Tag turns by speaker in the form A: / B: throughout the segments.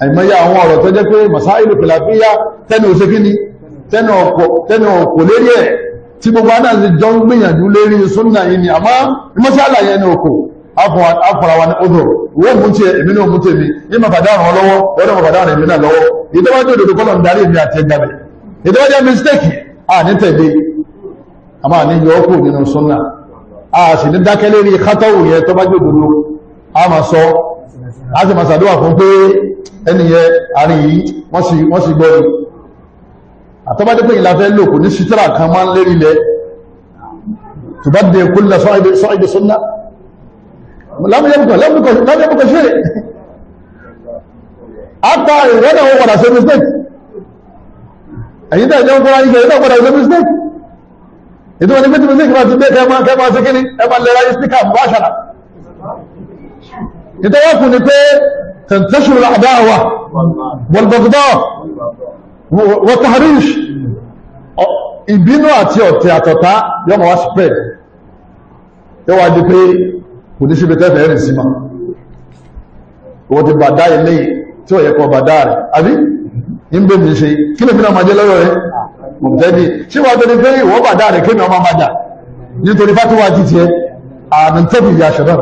A: àìmọ́yá àwọn ọ̀rọ̀ tó jẹ́ pé masáìlù pìlàfíyà tẹ́nà òṣè kí ni tẹ́nà ọ̀pọ̀ lérí ẹ̀ tí gbogbo náà ti jọ ń gbìyànjú lérí súnnà yìí ni àmọ́ ìmọ́sálà yẹn ni òkò afọ̀rawa ní ọdọ̀ wọ́n mú tí èmi náà mú tí èmi ní mafàdáàrùn ọlọ́wọ́ ọdọ́ mafàdáàrùn èmi náà lọ́wọ́ ìdọ́wọ́jọ́ òdòdó kọ́lọ̀ ń darí èmi mistake à ní tẹ̀lé àmà ní yọ́kù nínú súnnà a sì ní dákẹ́ lérí kátọ́wù yẹn tó bá jòdòdó a máa fún pé ẹni yẹ àárín yìí wọ́n sì wọ́n sì gbọ́dọ̀ àtọ́bádé pé ìlàfẹ́ lò kò ní sítírà kan máa ń lérí lẹ tùbádé kúlẹ̀ sọ́ìdè sọ́nà lámúyẹ́bùkọ̀ lámúyẹ́bùkọ̀ ṣe àpá ìwọ́n náà wọ́n padà ṣe mistake ẹ̀yìn tẹ́ ìjọ fọ́nà ìgbẹ̀ ìjọ padà ṣe mistake ìdí wọn ni pẹ́tù mistake máa تنتشر العداوة والبغضاء والتحريش ìbínú àti ọ̀tẹ̀ àtọ̀tá yóò máa wá spread yóò wá di pé kò ní síbi tẹ́fẹ̀ẹ́ rìn sí ma wọ́n ti bàdá ilé tí ó yẹ kọ bàdá rẹ̀ àbí ń bè mí ṣe kí lè fi náà máa rẹ̀ mọ̀tẹ́bí tí wọ́n tó pé ìwọ́ bàdá rẹ̀ kí ni ọmọ máa nítorí fátíwá tiẹ̀ àmì tẹ́bí ìyá ṣọ̀rọ̀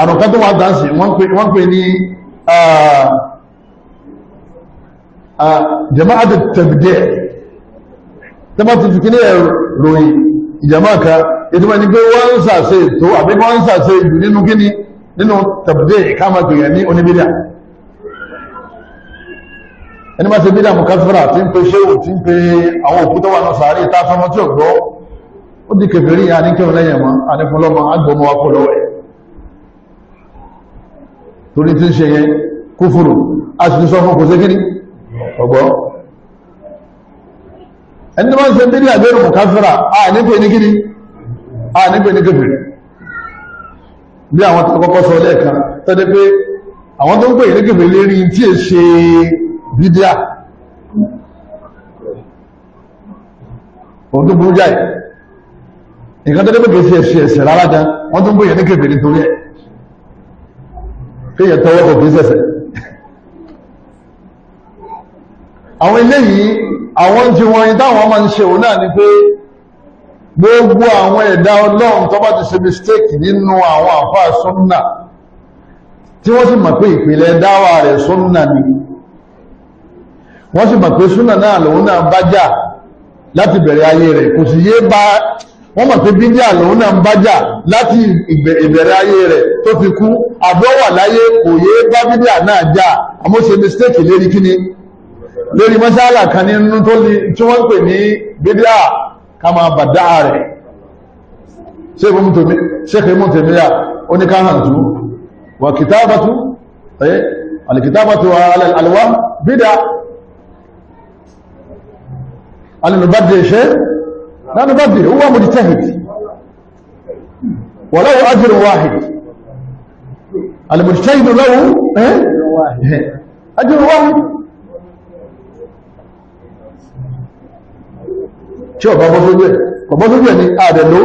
A: àrùn kan tó wà dáńsì wọ́n pè ní jama'a da tabdẹ̀ tẹ́bà ti fi kílẹ̀ ròyìn ìjàmáà kan ètò wọ́n ni pé wọ́n ń sàṣe ètò àbí wọ́n ń sàṣe ìlú nínú kíní nínú tabdẹ̀ káàmà pèèyàn ní oníbídà ẹni bá ṣe bídà mú káfíra tí ń pe ṣéwù tí ń pe àwọn òkúta wà náà sàárè tá a sọmọ tí ò gbọ́ ó di kẹfẹ́rí àníkẹ́ ọ̀lẹ́yìn mọ́ ànífọlọ́mọ agbọmọ akọlọ́wẹ́ torí tí ń ṣe yẹn kúfùrù a sì ti sọ fún kò ni ọgbọ́ ẹni tó ń ṣe bídí àgbẹ̀rù mùkáfíra a nípe ní kí ni a nípe ní kẹfì bí àwọn tó kọ́kọ́ sọ lẹ́ẹ̀kan tẹ́lẹ̀ pé àwọn tó ń pè ní kẹfì lérí tí è ṣe bídíà òun tó burú jáì nǹkan tẹ́lẹ̀ ẹ̀ṣẹ̀ rárá wọ́n tó ń pè ní kẹfì nítorí ẹ̀ kéèyàn tọwọ́ kò kí sẹ̀sẹ̀ àwọn eléyìí àwọn tí wọ́n yìí táwọn máa ń ṣe òun náà ni pé gbogbo àwọn ẹ̀dá ọlọ́run tó bá ti ṣe mistake nínú àwọn àfáà súnnà tí wọ́n sì mọ̀ pé ìpìlẹ̀ dáwà rẹ̀ súnnà ni wọ́n sì mọ̀ pé súnnà náà lòun náà bá jà láti bẹ̀rẹ̀ ayé rẹ̀ kò sì yé bá wọ́n mọ̀ pé bídíà lòun náà ń bájà láti ìbẹ̀rẹ̀ ayé rẹ̀ tó fi kú àbọ̀wà láyé kò yé bá bídíà náà jà àmọ́ ṣe mistake lérí kíni lórí mọ́sálà kan nínú tó ní tí wọ́n ń pè ní bídíà ká máa bàdá rẹ̀ ṣéèkì mú tèmíyà oníkàhàntú wà kìtàbàtú alìkìtàbàtú alìwá bídà alìlùbádé ṣe لا ندبر هو مجتهد وله أجر واحد المجتهد له أجر واحد tí ọba bọ́ sójú ẹ̀ kò bọ́ sójú ẹ̀ ní àdẹ̀ló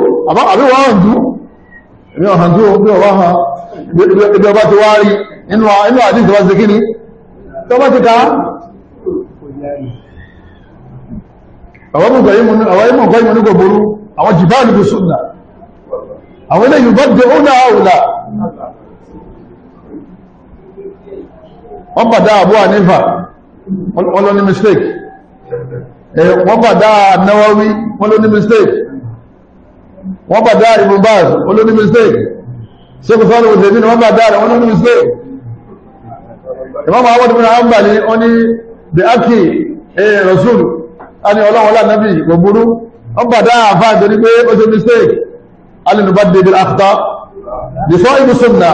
A: àbí wọ́n hàn jú ẹ̀mí ọ̀hàn jú bí ọba hàn ibi ọba ti wá rí inú àdíjọba ti kí ni tí àwọn ìmọ̀ gọ́ìmọ̀ ní àwọn jìbáàlù bí súnà àwọn ilé yìí bọ́dẹ̀ ó náà àwùlà wọ́n bàdá Abu Hanifa wọ́n lọ mistake eh, wọ́n bàdá Nawawi wọ́n lọ mistake wọ́n bàdá Ibn Baz wọ́n mistake na sọ́rọ̀ òjèmí ni wọ́n bàdá rẹ̀ wọ́n mistake Imam a ní ọlọ́run lánàbí kò burú wọ́n bàdá àfá àjọrí pé ó ṣe mistake alìnubá david afta dìsọ́ ibùsùn náà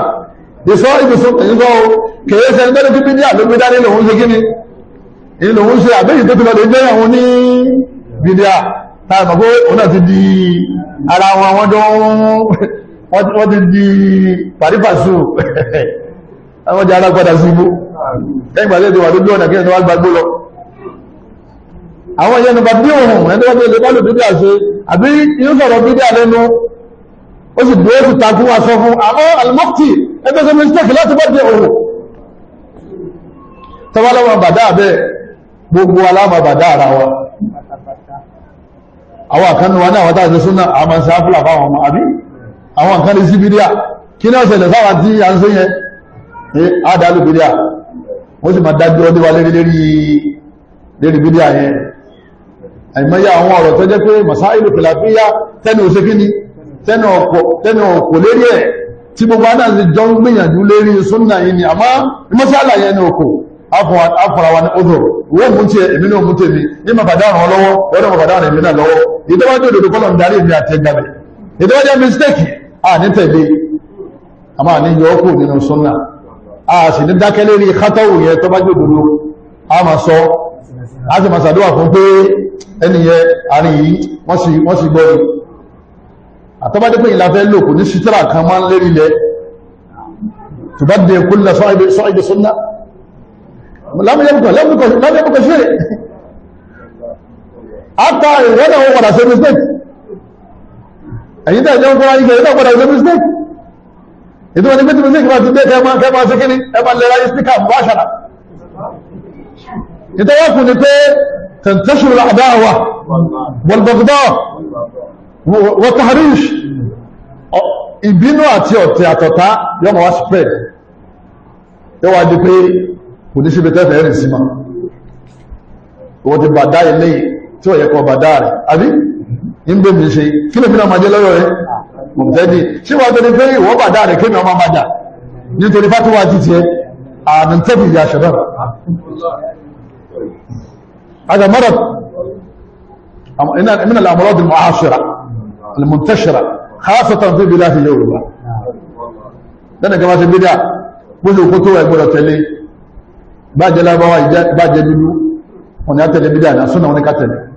A: dìsọ́ ibùsùn èyí sọ o kèé sẹni bẹ́ẹ̀ kí bídíà ló gbé dání lòun ṣe kíni èyí lòun ṣe àbẹ́yì tó ti lọ lè gbé àwọn ní bídíà táà mọ̀ pé òun náà ti di ara wọn wọ́n jọ wọ́n ti di pàrífàṣù àwọn jẹ́ alágbádá ṣubú lẹ́yìn ìgbà tó wà lójú ọ̀nà kí àwọn ìyẹnu bá bí òun ẹni tó wọ́n lè bọ́lù bídíà ṣe àbí inú sọ̀rọ̀ bídíà lẹ́nu ó sì dúró ti ta fún aṣọ fún àmọ́ alimọ́tì ẹgbẹ́ sọ mistake láti bọ́ dé òun tọ́wọ́ lọ́wọ́ bàdá bẹ́ẹ̀ gbogbo aláma bàdá ara wa àwọn àkánu wa ní àwọn táwọn ṣe àmà ṣe áfúlà fáwọn ọmọ àbí àwọn àkánu sí bídíà kí náà ṣẹlẹ̀ sáwà tí a ń ṣe yẹn ní àdálù bídíà wọ́n sì máa dájú ọdí wa lérí lérí bídíà yẹn àìmọ́yà àwọn ọ̀rọ̀ tó jẹ́ pé masáìlù pìlàfíyà tẹ́nà òṣè kí ni tẹ́nà ọ̀pọ̀ lérí ẹ̀ tí gbogbo adáàzì jọ ń gbìyànjú lérí súnnà yìí ni àmá mọ́sálà yẹn ni òkò afọ̀rawa ní ọdọ̀ wọ́n mú tí ń darí èmi àti a ní tẹ̀lé a máa ní yọ ọkù nínú súnnà a sì ní dákẹ́ lérí kátọ́wù yẹn tọ́bájú òdòdó a máa sọ láti máa ṣàdúwà fún pé ẹniyẹ àrí yìí wọ́n sì wọ́n sì gbọ́rù àtọ́bádé pé ìlàfẹ́ lò kò ní sítírà kan máa ń lérí lẹ tùbádé kúlẹ̀ sọ́ìdè súnná lámúyẹ́bùkọ̀ lámúyẹ́bùkọ̀ sí rẹ̀ àtà ìwọ́n náà wọ́n padà ṣe mistake ẹ̀yìn tẹ́ ìjọ fọ́nà ìgbẹ̀ ìjọ padà ṣe mistake ìdúwọ́ ní pé tí mistake máa ti dé kẹ́ máa ṣe kíní ẹ ìtọ́wọ́kù ni pé tẹ̀tẹ̀ṣù àdáwà wọlbọ̀gbọ́ wọ́tàríṣ ìbínú àti ọ̀tẹ̀ àtọ̀tá yọmọ̀ wá spread yọ wá di pé kò ní síbi tẹ́fẹ̀ẹ́ rìn sí ma wọ́n ti bàdá ilé tí ó yẹ kọ bàdá rẹ̀ àbí ń bẹ́ mi ṣe kí ló fi náà máa jẹ́ lọ́yọ̀ rẹ̀ mọ̀tẹ́dì هذا مرض من الأمراض المعاصرة المنتشرة خاصة في بلاد يوروبا لأن جماعة البدع بوزو كتوة يقول تلي بعد لا بواي بعد جديد ونأتي البدع نصنع ونكتلي